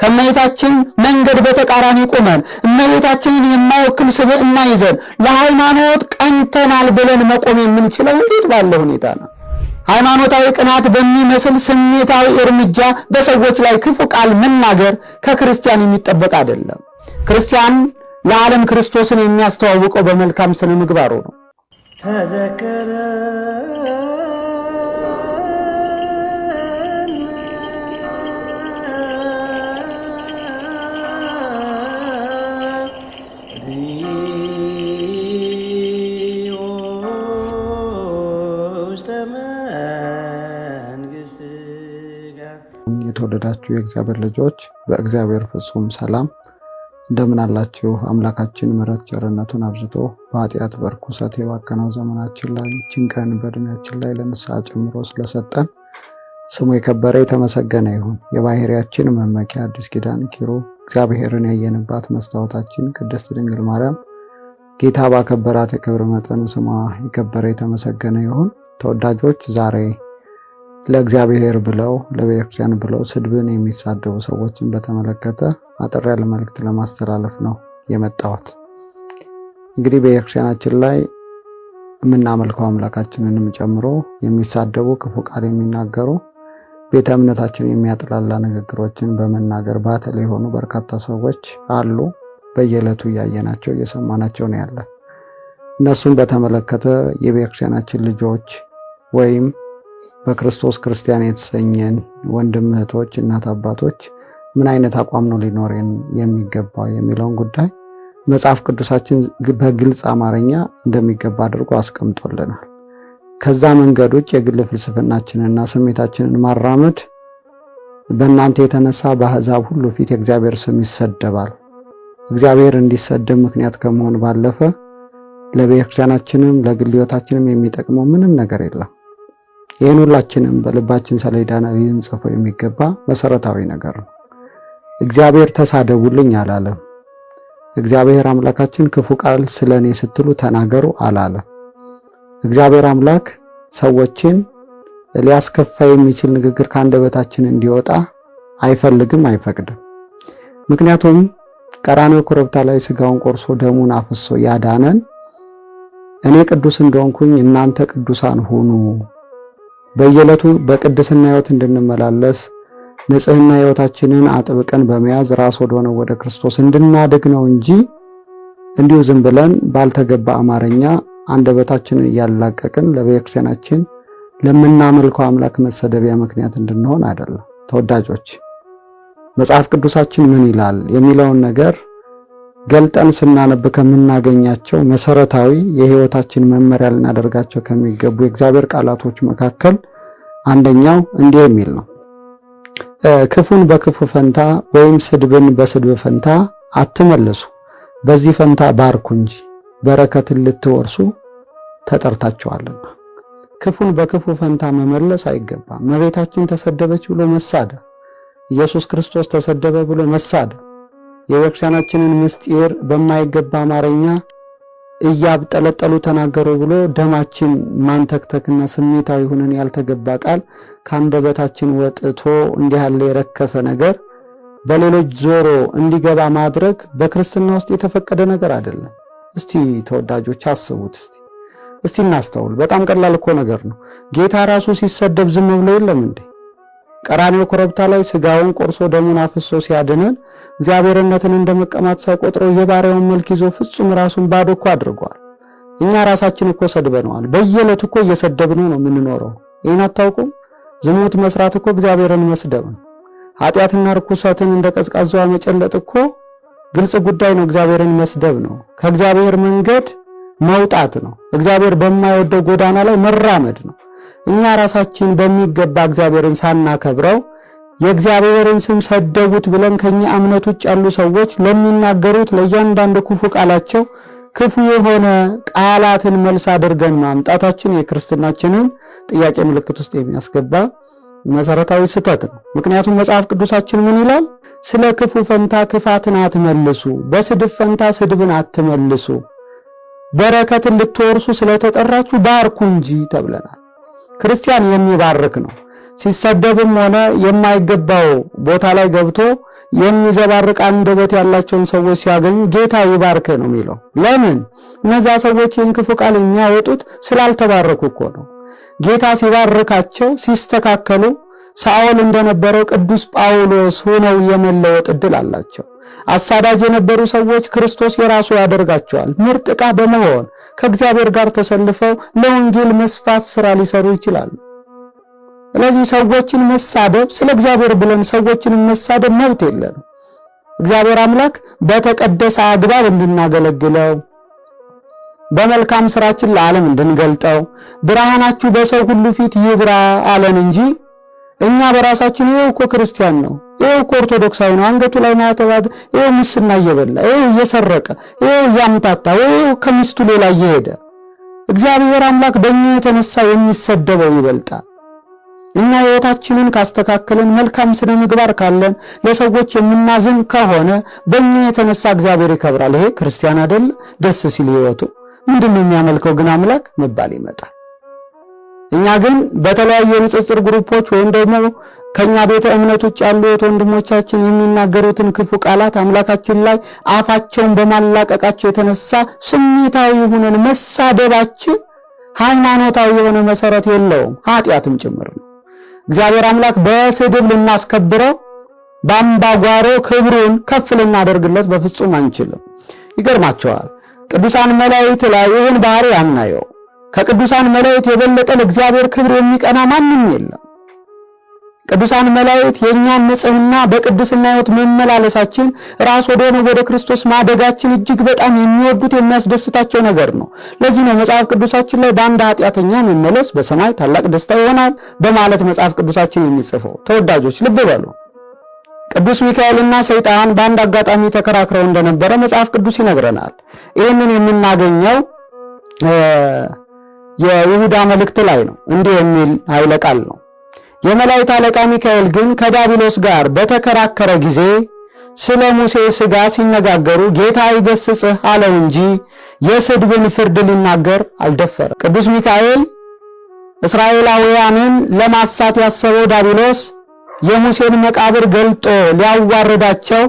ከእመቤታችን መንገድ በተቃራኒ ቆመን እመቤታችንን የማይወክል ስብዕና ይዘን ለሃይማኖት ቀንተናል ብለን መቆም የምንችለው እንዴት ባለ ሁኔታ ነው? ሃይማኖታዊ ቅናት በሚመስል ስሜታዊ እርምጃ በሰዎች ላይ ክፉ ቃል መናገር ከክርስቲያን የሚጠበቅ አይደለም። ክርስቲያን ለዓለም ክርስቶስን የሚያስተዋውቀው በመልካም ስነ ምግባሩ ነው። ተዘከረ የተወደዳችሁ የእግዚአብሔር ልጆች በእግዚአብሔር ፍጹም ሰላም እንደምን አላችሁ? አምላካችን ምሕረት ቸርነቱን አብዝቶ በኃጢአት በርኩሰት የባከነው ዘመናችን ላይ ችንቀን ቀን ላይ ለንስሐ ጨምሮ ስለሰጠን ስሙ የከበረ የተመሰገነ ይሁን። የባሕርያችን መመኪያ አዲስ ኪዳን ኪሮ እግዚአብሔርን ያየንባት መስታወታችን ቅድስት ድንግል ማርያም ጌታ ባከበራት የክብር መጠን ስሟ የከበረ የተመሰገነ ይሁን። ተወዳጆች ዛሬ ለእግዚአብሔር ብለው ለቤተክርስቲያን ብለው ስድብን የሚሳደቡ ሰዎችን በተመለከተ አጠር ያለ መልእክት ለማስተላለፍ ነው የመጣሁት። እንግዲህ ቤተክርስቲያናችን ላይ የምናመልከው አምላካችንንም ጨምሮ የሚሳደቡ ክፉ ቃል የሚናገሩ ቤተ እምነታችን የሚያጥላላ ንግግሮችን በመናገር ባተላ የሆኑ በርካታ ሰዎች አሉ። በየዕለቱ እያየናቸው እየሰማናቸው ነው ያለን። እነሱን በተመለከተ የቤተክርስቲያናችን ልጆች ወይም በክርስቶስ ክርስቲያን የተሰኘን ወንድም እህቶች፣ እናት አባቶች ምን አይነት አቋም ነው ሊኖረን የሚገባው የሚለውን ጉዳይ መጽሐፍ ቅዱሳችን በግልጽ አማርኛ እንደሚገባ አድርጎ አስቀምጦልናል። ከዛ መንገድ ውጭ የግል ፍልስፍናችንንና ስሜታችንን ማራመድ በእናንተ የተነሳ በአሕዛብ ሁሉ ፊት የእግዚአብሔር ስም ይሰደባል። እግዚአብሔር እንዲሰደብ ምክንያት ከመሆን ባለፈ ለቤተክርስቲያናችንም ለግል ሕይወታችንም የሚጠቅመው ምንም ነገር የለም። ይህን ሁላችንም በልባችን ሰሌዳና ልንጽፈው የሚገባ መሰረታዊ ነገር ነው። እግዚአብሔር ተሳደቡልኝ አላለም። እግዚአብሔር አምላካችን ክፉ ቃል ስለ እኔ ስትሉ ተናገሩ አላለም። እግዚአብሔር አምላክ ሰዎችን ሊያስከፋ የሚችል ንግግር ከአንደበታችን እንዲወጣ አይፈልግም፣ አይፈቅድም። ምክንያቱም ቀራኔው ኮረብታ ላይ ስጋውን ቆርሶ ደሙን አፍሶ ያዳነን እኔ ቅዱስ እንደሆንኩኝ እናንተ ቅዱሳን ሁኑ በየዕለቱ በቅድስና ህይወት እንድንመላለስ ንጽህና ህይወታችንን አጥብቀን በመያዝ ራስ ወደሆነው ወደ ክርስቶስ እንድናድግ ነው እንጂ እንዲሁ ዝም ብለን ባልተገባ አማርኛ አንደበታችንን እያላቀቅን ለቤተክርስቲያናችን ለምናመልከው አምላክ መሰደቢያ ምክንያት እንድንሆን አይደለም። ተወዳጆች መጽሐፍ ቅዱሳችን ምን ይላል የሚለውን ነገር ገልጠን ስናነብ ከምናገኛቸው መሰረታዊ የህይወታችን መመሪያ ልናደርጋቸው ከሚገቡ የእግዚአብሔር ቃላቶች መካከል አንደኛው እንዲህ የሚል ነው፣ ክፉን በክፉ ፈንታ ወይም ስድብን በስድብ ፈንታ አትመልሱ፣ በዚህ ፈንታ ባርኩ እንጂ በረከትን ልትወርሱ ተጠርታችኋልና። ክፉን በክፉ ፈንታ መመለስ አይገባም። መቤታችን ተሰደበች ብሎ መሳደ፣ ኢየሱስ ክርስቶስ ተሰደበ ብሎ መሳደ፣ የቤተክርስቲያናችንን ምስጢር በማይገባ አማርኛ እያብጠለጠሉ ተናገሩ ብሎ ደማችን ማንተክተክና ስሜታዊ ሆነን ያልተገባ ቃል ከአንደበታችን ወጥቶ እንዲህ ያለ የረከሰ ነገር በሌሎች ዞሮ እንዲገባ ማድረግ በክርስትና ውስጥ የተፈቀደ ነገር አይደለም። እስቲ ተወዳጆች አስቡት። እስቲ እስቲ እናስተውል። በጣም ቀላል እኮ ነገር ነው። ጌታ ራሱ ሲሰደብ ዝም ብሎ የለም እንዴ? ቀራኔው ኮረብታ ላይ ስጋውን ቆርሶ ደሙን አፍሶ ሲያድነን እግዚአብሔርነትን እንደ መቀማት ሳይቆጥረው የባሪያውን መልክ ይዞ ፍጹም ራሱን ባዶ እኮ አድርጓል። እኛ ራሳችን እኮ ሰድበነዋል። በየዕለቱ እኮ እየሰደብነው ነው የምንኖረው። ይህን አታውቁም? ዝሙት መስራት እኮ እግዚአብሔርን መስደብ ነው። ኃጢአትና ርኩሰትን እንደ ቀዝቃዛ መጨለጥ እኮ ግልጽ ጉዳይ ነው። እግዚአብሔርን መስደብ ነው። ከእግዚአብሔር መንገድ መውጣት ነው። እግዚአብሔር በማይወደው ጎዳና ላይ መራመድ ነው። እኛ ራሳችን በሚገባ እግዚአብሔርን ሳናከብረው የእግዚአብሔርን ስም ሰደቡት ብለን ከኛ እምነት ውጭ ያሉ ሰዎች ለሚናገሩት ለእያንዳንዱ ክፉ ቃላቸው ክፉ የሆነ ቃላትን መልስ አድርገን ማምጣታችን የክርስትናችንን ጥያቄ ምልክት ውስጥ የሚያስገባ መሰረታዊ ስህተት ነው። ምክንያቱም መጽሐፍ ቅዱሳችን ምን ይላል? ስለ ክፉ ፈንታ ክፋትን አትመልሱ፣ በስድብ ፈንታ ስድብን አትመልሱ፣ በረከትን ልትወርሱ ስለተጠራችሁ ባርኩ እንጂ ተብለናል። ክርስቲያን የሚባርክ ነው። ሲሰደብም ሆነ የማይገባው ቦታ ላይ ገብቶ የሚዘባርቅ አንደበት ያላቸውን ሰዎች ሲያገኙ ጌታ ይባርክ ነው የሚለው። ለምን እነዛ ሰዎች ይህን ክፉ ቃል የሚያወጡት ስላልተባረኩ እኮ ነው። ጌታ ሲባርካቸው ሲስተካከሉ፣ ሳኦል እንደነበረው ቅዱስ ጳውሎስ ሆነው የመለወጥ እድል አላቸው። አሳዳጅ የነበሩ ሰዎች ክርስቶስ የራሱ ያደርጋቸዋል። ምርጥ ዕቃ በመሆን ከእግዚአብሔር ጋር ተሰልፈው ለወንጌል መስፋት ሥራ ሊሰሩ ይችላሉ። ስለዚህ ሰዎችን መሳደብ፣ ስለ እግዚአብሔር ብለን ሰዎችን መሳደብ መብት የለንም። እግዚአብሔር አምላክ በተቀደሰ አግባብ እንድናገለግለው በመልካም ስራችን ለዓለም እንድንገልጠው ብርሃናችሁ በሰው ሁሉ ፊት ይብራ አለን እንጂ እኛ በራሳችን ይሄው እኮ ክርስቲያን ነው፣ ይሄው እኮ ኦርቶዶክሳዊ ነው፣ አንገቱ ላይ ማተባት፣ ይሄው ሙስና እየበላ ይሄው እየሰረቀ ይሄው እያምታታ፣ ይሄው ከሚስቱ ሌላ እየሄደ እግዚአብሔር አምላክ በእኛ የተነሳ የሚሰደበው ይበልጣል። እኛ ሕይወታችንን ካስተካከልን መልካም ስነ ምግባር ካለን ለሰዎች የምናዝን ከሆነ በእኛ የተነሳ እግዚአብሔር ይከብራል። ይሄ ክርስቲያን አይደል? ደስ ሲል ሕይወቱ ምንድን ነው የሚያመልከው ግን አምላክ መባል ይመጣል። እኛ ግን በተለያዩ የንጽጽር ግሩፖች ወይም ደግሞ ከኛ ቤተ እምነት ውጭ ያሉ ወንድሞቻችን የሚናገሩትን ክፉ ቃላት አምላካችን ላይ አፋቸውን በማላቀቃቸው የተነሳ ስሜታዊ ሆነን መሳደባችን ሃይማኖታዊ የሆነ መሰረት የለውም፣ ኃጢአትም ጭምር ነው። እግዚአብሔር አምላክ በስድብ ልናስከብረው በአምባጓሮ ክብሩን ከፍ ልናደርግለት በፍጹም አንችልም። ይገርማቸዋል። ቅዱሳን መላእክት ላይ ይህን ባህሪ አናየው ከቅዱሳን መላእክት የበለጠ ለእግዚአብሔር ክብር የሚቀና ማንም የለም። ቅዱሳን መላእክት የእኛን ንጽህና በቅድስና ሕይወት መመላለሳችን ራስ ወደሆነ ወደ ክርስቶስ ማደጋችን እጅግ በጣም የሚወዱት የሚያስደስታቸው ነገር ነው። ለዚህ ነው መጽሐፍ ቅዱሳችን ላይ በአንድ ኃጢአተኛ መመለስ በሰማይ ታላቅ ደስታ ይሆናል በማለት መጽሐፍ ቅዱሳችን የሚጽፈው። ተወዳጆች ልብ በሉ። ቅዱስ ሚካኤልና ሰይጣን በአንድ አጋጣሚ ተከራክረው እንደነበረ መጽሐፍ ቅዱስ ይነግረናል። ይህንን የምናገኘው የይሁዳ መልእክት ላይ ነው። እንዲህ የሚል ኃይለ ቃል ነው። የመላእክት አለቃ ሚካኤል ግን ከዳቢሎስ ጋር በተከራከረ ጊዜ ስለ ሙሴ ሥጋ ሲነጋገሩ ጌታ ይገስጽህ አለው እንጂ የስድብን ፍርድ ሊናገር አልደፈረ። ቅዱስ ሚካኤል እስራኤላውያንን ለማሳት ያሰበው ዳቢሎስ የሙሴን መቃብር ገልጦ ሊያዋርዳቸው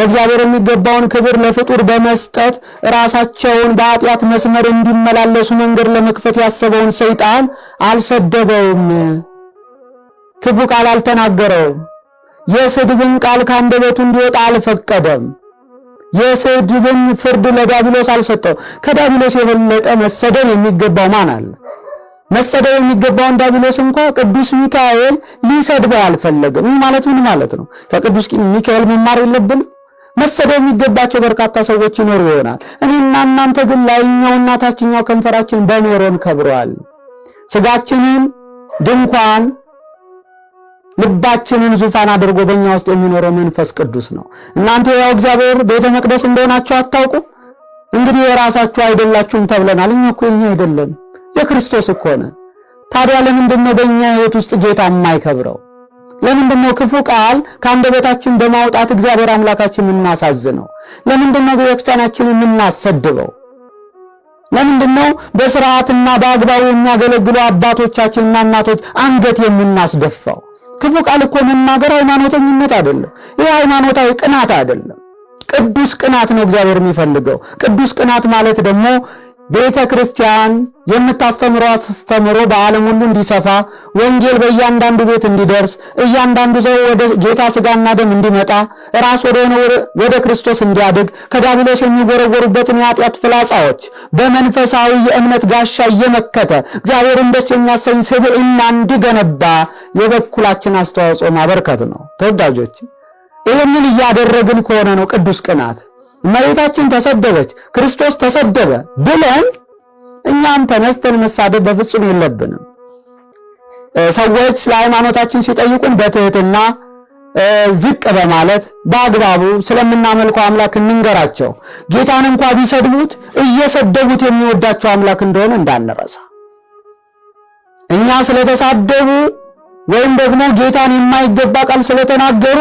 ለእግዚአብሔር የሚገባውን ክብር ለፍጡር በመስጠት ራሳቸውን በኃጢአት መስመር እንዲመላለሱ መንገድ ለመክፈት ያሰበውን ሰይጣን አልሰደበውም። ክፉ ቃል አልተናገረውም። የስድብን ቃል ከአንደበቱ እንዲወጣ አልፈቀደም። የስድብን ፍርድ ለዳቢሎስ አልሰጠው። ከዳቢሎስ የበለጠ መሰደብ የሚገባው ማን አለ? መሰደብ የሚገባውን ዳቢሎስ እንኳ ቅዱስ ሚካኤል ሊሰድበው አልፈለገም። ይህ ማለት ምን ማለት ነው? ከቅዱስ ሚካኤል መማር የለብንም? መሰደብ የሚገባቸው በርካታ ሰዎች ይኖሩ ይሆናል። እኔና እናንተ ግን ላይኛውና ታችኛው ከንፈራችን በኖሮን ከብሯል። ስጋችንን ድንኳን ልባችንን ዙፋን አድርጎ በእኛ ውስጥ የሚኖረው መንፈስ ቅዱስ ነው። እናንተ ያው እግዚአብሔር ቤተ መቅደስ እንደሆናችሁ አታውቁ? እንግዲህ የራሳችሁ አይደላችሁም ተብለናል። እኛ እኮ የኛ አይደለንም፣ የክርስቶስ እኮ ነን። ታዲያ ለምንድን ነው በእኛ ሕይወት ውስጥ ጌታ የማይከብረው? ለምንድን ነው ክፉ ቃል ከአንደበታችን በማውጣት እግዚአብሔር አምላካችን የምናሳዝነው? ለምንድን ነው ቤተክርስቲያናችን የምናሰድበው? ለምንድን ነው በስርዓትና በአግባቡ የሚያገለግሉ አባቶቻችንና እናቶች አንገት የምናስደፋው? ክፉ ቃል እኮ መናገር ሃይማኖተኝነት አይደለም። ይህ ሃይማኖታዊ ቅናት አይደለም። ቅዱስ ቅናት ነው እግዚአብሔር የሚፈልገው። ቅዱስ ቅናት ማለት ደግሞ ቤተ ክርስቲያን የምታስተምረው አስተምሮ በዓለም ሁሉ እንዲሰፋ ወንጌል በእያንዳንዱ ቤት እንዲደርስ እያንዳንዱ ሰው ወደ ጌታ ስጋና ደም እንዲመጣ ራስ ወደ ሆነ ወደ ክርስቶስ እንዲያድግ ከዳብሎስ የሚወረወሩበትን የኃጢአት ፍላጻዎች በመንፈሳዊ የእምነት ጋሻ እየመከተ እግዚአብሔርን ደስ የሚያሰኝ ስብዕና እንዲገነባ የበኩላችን አስተዋጽኦ ማበርከት ነው። ተወዳጆች፣ ይህንን እያደረግን ከሆነ ነው ቅዱስ ቅናት መሬታችን ተሰደበች፣ ክርስቶስ ተሰደበ ብለን እኛም ተነስተን መሳደብ በፍጹም የለብንም። ሰዎች ስለ ሃይማኖታችን ሲጠይቁን በትህትና ዝቅ በማለት በአግባቡ ስለምናመልከው አምላክ እንንገራቸው። ጌታን እንኳ ቢሰድቡት እየሰደቡት የሚወዳቸው አምላክ እንደሆነ እንዳንረሳ። እኛ ስለተሳደቡ ወይም ደግሞ ጌታን የማይገባ ቃል ስለተናገሩ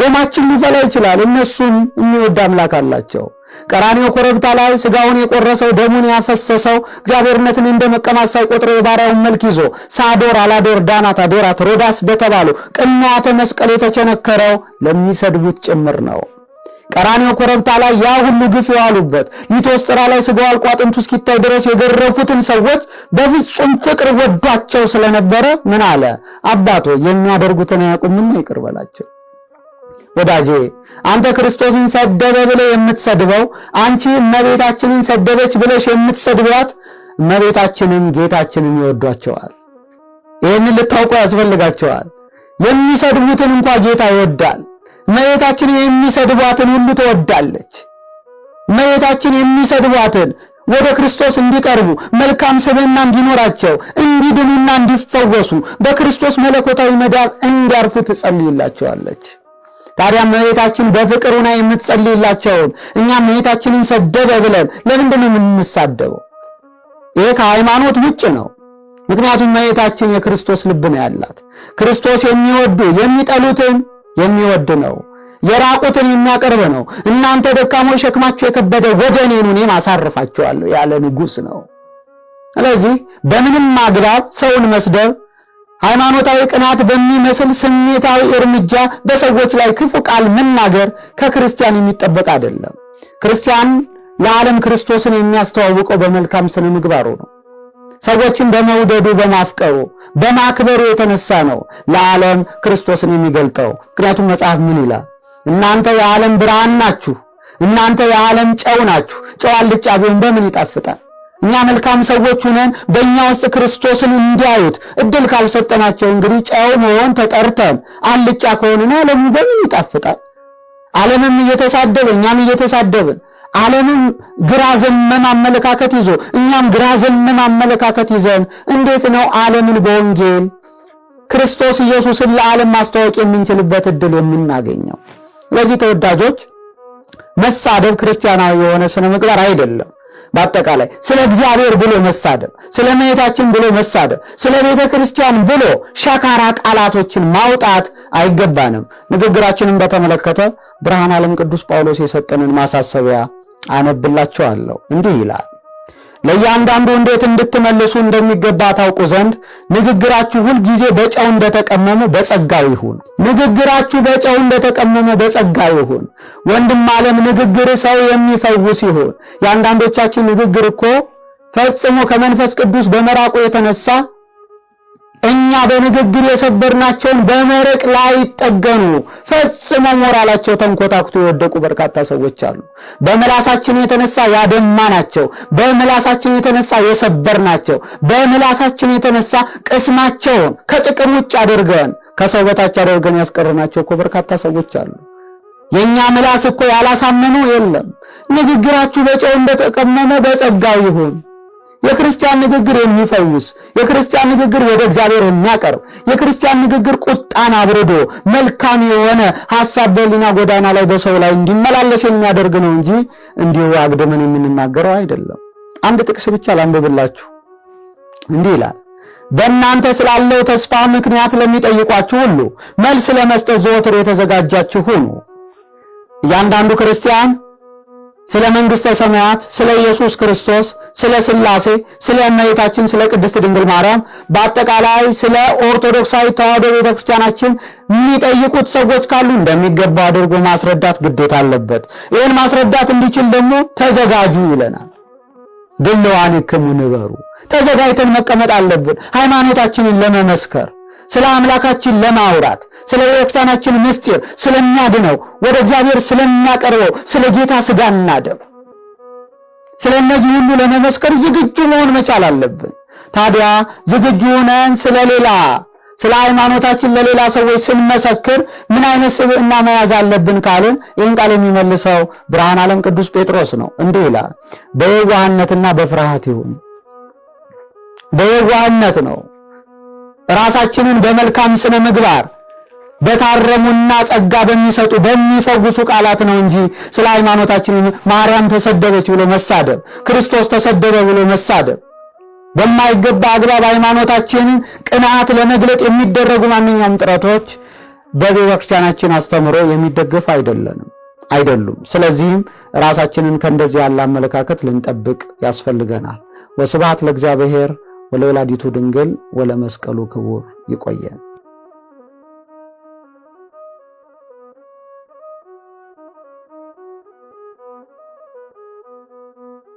ደማችን ሊፈላ ይችላል። እነሱን የሚወድ አምላክ አላቸው። ቀራኔው ኮረብታ ላይ ስጋውን የቆረሰው ደሙን ያፈሰሰው እግዚአብሔርነትን እንደ መቀማት ሳይቆጥረው የባሪያውን መልክ ይዞ ሳዶር፣ አላዶር፣ ዳናት፣ አዶራት፣ ሮዳስ በተባሉ ቅንዋተ መስቀል የተቸነከረው ለሚሰድቡት ጭምር ነው። ቀራኔው ኮረብታ ላይ ያ ሁሉ ግፍ የዋሉበት ሊቶስጥራ ላይ ስጋው አልቆ አጥንቱ እስኪታይ ድረስ የገረፉትን ሰዎች በፍጹም ፍቅር ወዷቸው ስለነበረ ምን አለ? አባቶ የሚያደርጉትን አያውቁምና ይቅር በላቸው። ወዳጄ አንተ ክርስቶስን ሰደበ ብለህ የምትሰድበው አንቺ እመቤታችንን ሰደበች ብለሽ የምትሰድቢያት እመቤታችንም ጌታችንን ይወዷቸዋል። ይህንን ልታውቁ ያስፈልጋቸዋል። የሚሰድቡትን እንኳ ጌታ ይወዳል። እመቤታችን የሚሰድቧትን ሁሉ ትወዳለች። እመቤታችን የሚሰድቧትን ወደ ክርስቶስ እንዲቀርቡ መልካም ስብዕና እንዲኖራቸው እንዲድኑና እንዲፈወሱ በክርስቶስ መለኮታዊ መዳብ እንዲያርፉ ትጸልይላቸዋለች። ታዲያ መሄታችን በፍቅር ሁና የምትጸልይላቸውን እኛ መሄታችንን ሰደበ ብለን ለምንድን ነው የምንሳደበው? ይሄ ከሃይማኖት ውጭ ነው። ምክንያቱም መሄታችን የክርስቶስ ልብ ነው ያላት። ክርስቶስ የሚወዱ የሚጠሉትን የሚወድ ነው። የራቁትን የሚያቀርብ ነው። እናንተ ደካሞች ሸክማችሁ የከበደ ወደ እኔ ኑ እኔም አሳርፋችኋለሁ ያለ ንጉሥ ነው። ስለዚህ በምንም አግባብ ሰውን መስደብ ሃይማኖታዊ ቅናት በሚመስል ስሜታዊ እርምጃ በሰዎች ላይ ክፉ ቃል መናገር ከክርስቲያን የሚጠበቅ አይደለም። ክርስቲያን ለዓለም ክርስቶስን የሚያስተዋውቀው በመልካም ስነ ምግባሩ ነው። ሰዎችን በመውደዱ በማፍቀሩ፣ በማክበሩ የተነሳ ነው ለዓለም ክርስቶስን የሚገልጠው። ምክንያቱም መጽሐፍ ምን ይላል? እናንተ የዓለም ብርሃን ናችሁ፣ እናንተ የዓለም ጨው ናችሁ። ጨው አልጫ ቢሆን በምን ይጣፍጣል? እኛ መልካም ሰዎች ሁነን በእኛ ውስጥ ክርስቶስን እንዲያዩት እድል ካልሰጠናቸው እንግዲህ ጨው መሆን ተጠርተን አልጫ ከሆንና ዓለሙ በምን ይጣፍጣል? ዓለምም እየተሳደበ እኛም እየተሳደብን ዓለምም ግራ ዘመም አመለካከት ይዞ እኛም ግራ ዘመም አመለካከት ይዘን እንዴት ነው ዓለምን በወንጌል ክርስቶስ ኢየሱስን ለዓለም ማስተዋወቅ የምንችልበት እድል የምናገኘው? ለዚህ ተወዳጆች መሳደብ ክርስቲያናዊ የሆነ ስነ ምግባር አይደለም። በአጠቃላይ ስለ እግዚአብሔር ብሎ መሳደብ፣ ስለ እመቤታችን ብሎ መሳደብ፣ ስለ ቤተ ክርስቲያን ብሎ ሻካራ ቃላቶችን ማውጣት አይገባንም። ንግግራችንን በተመለከተ ብርሃን ዓለም ቅዱስ ጳውሎስ የሰጠንን ማሳሰቢያ አነብላችኋለሁ። እንዲህ ይላል ለእያንዳንዱ እንዴት እንድትመልሱ እንደሚገባ ታውቁ ዘንድ ንግግራችሁ ሁል ጊዜ በጨው እንደተቀመመ በጸጋው ይሁን። ንግግራችሁ በጨው እንደተቀመመ በጸጋው ይሁን። ወንድም ዓለም ንግግር ሰው የሚፈውስ ይሁን። የአንዳንዶቻችን ንግግር እኮ ፈጽሞ ከመንፈስ ቅዱስ በመራቁ የተነሳ እኛ በንግግር የሰበርናቸውን በመረቅ ላይ ጠገኑ ፈጽሞ ሞራላቸው ተንኮታኩቶ የወደቁ በርካታ ሰዎች አሉ። በምላሳችን የተነሳ ያደማ ናቸው በምላሳችን የተነሳ የሰበር ናቸው። በምላሳችን የተነሳ ቅስማቸውን ከጥቅም ውጭ አድርገን ከሰው በታች አድርገን ያስቀርናቸው እኮ በርካታ ሰዎች አሉ። የእኛ ምላስ እኮ ያላሳመኑ የለም። ንግግራችሁ በጨው እንደተቀመመ በጸጋው ይሁን የክርስቲያን ንግግር የሚፈውስ የክርስቲያን ንግግር ወደ እግዚአብሔር የሚያቀርብ የክርስቲያን ንግግር ቁጣን አብርዶ መልካም የሆነ ሐሳብ በሊና ጎዳና ላይ በሰው ላይ እንዲመላለስ የሚያደርግ ነው እንጂ እንዲሁ አግድመን የምንናገረው አይደለም። አንድ ጥቅስ ብቻ ላንብብላችሁ። እንዲህ ይላል በእናንተ ስላለው ተስፋ ምክንያት ለሚጠይቋችሁ ሁሉ መልስ ለመስጠት ዘወትር የተዘጋጃችሁ ሁኑ። እያንዳንዱ ክርስቲያን ስለ መንግስተ ሰማያት፣ ስለ ኢየሱስ ክርስቶስ፣ ስለ ሥላሴ፣ ስለ እመቤታችን፣ ስለ ቅድስት ድንግል ማርያም፣ በአጠቃላይ ስለ ኦርቶዶክሳዊ ተዋሕዶ ቤተክርስቲያናችን የሚጠይቁት ሰዎች ካሉ እንደሚገባ አድርጎ ማስረዳት ግዴታ አለበት። ይህን ማስረዳት እንዲችል ደግሞ ተዘጋጁ ይለናል። ድልዋን ክሙ ንበሩ፣ ተዘጋጅተን መቀመጥ አለብን ሃይማኖታችንን ለመመስከር ስለ አምላካችን ለማውራት ስለ ቤተክርስቲያናችን ምስጢር ስለሚያድነው ወደ እግዚአብሔር ስለሚያቀርበው ስለ ጌታ ስጋና ደም ስለ እነዚህ ሁሉ ለመመስከር ዝግጁ መሆን መቻል አለብን። ታዲያ ዝግጁ ሆነን ስለሌላ ስለ ሃይማኖታችን ለሌላ ሰዎች ስንመሰክር ምን አይነት ስብዕና መያዝ አለብን ካልን ይህን ቃል የሚመልሰው ብርሃን ዓለም ቅዱስ ጴጥሮስ ነው። እንዲህ ይላል፣ በየዋህነትና በፍርሃት ይሁን። በየዋህነት ነው ራሳችንን በመልካም ስነ ምግባር በታረሙና ጸጋ በሚሰጡ በሚፈውሱ ቃላት ነው እንጂ ስለ ሃይማኖታችን ማርያም ተሰደበች ብሎ መሳደብ፣ ክርስቶስ ተሰደበ ብሎ መሳደብ፣ በማይገባ አግባብ ሃይማኖታችን ቅንዓት ለመግለጥ የሚደረጉ ማንኛውም ጥረቶች በቤተ ክርስቲያናችን አስተምሮ የሚደገፍ አይደለንም አይደሉም። ስለዚህም ራሳችንን ከእንደዚህ ያለ አመለካከት ልንጠብቅ ያስፈልገናል። ወስብሐት ለእግዚአብሔር ወለወላዲቱ ድንግል ወለመስቀሉ ክቡር ይቆየን።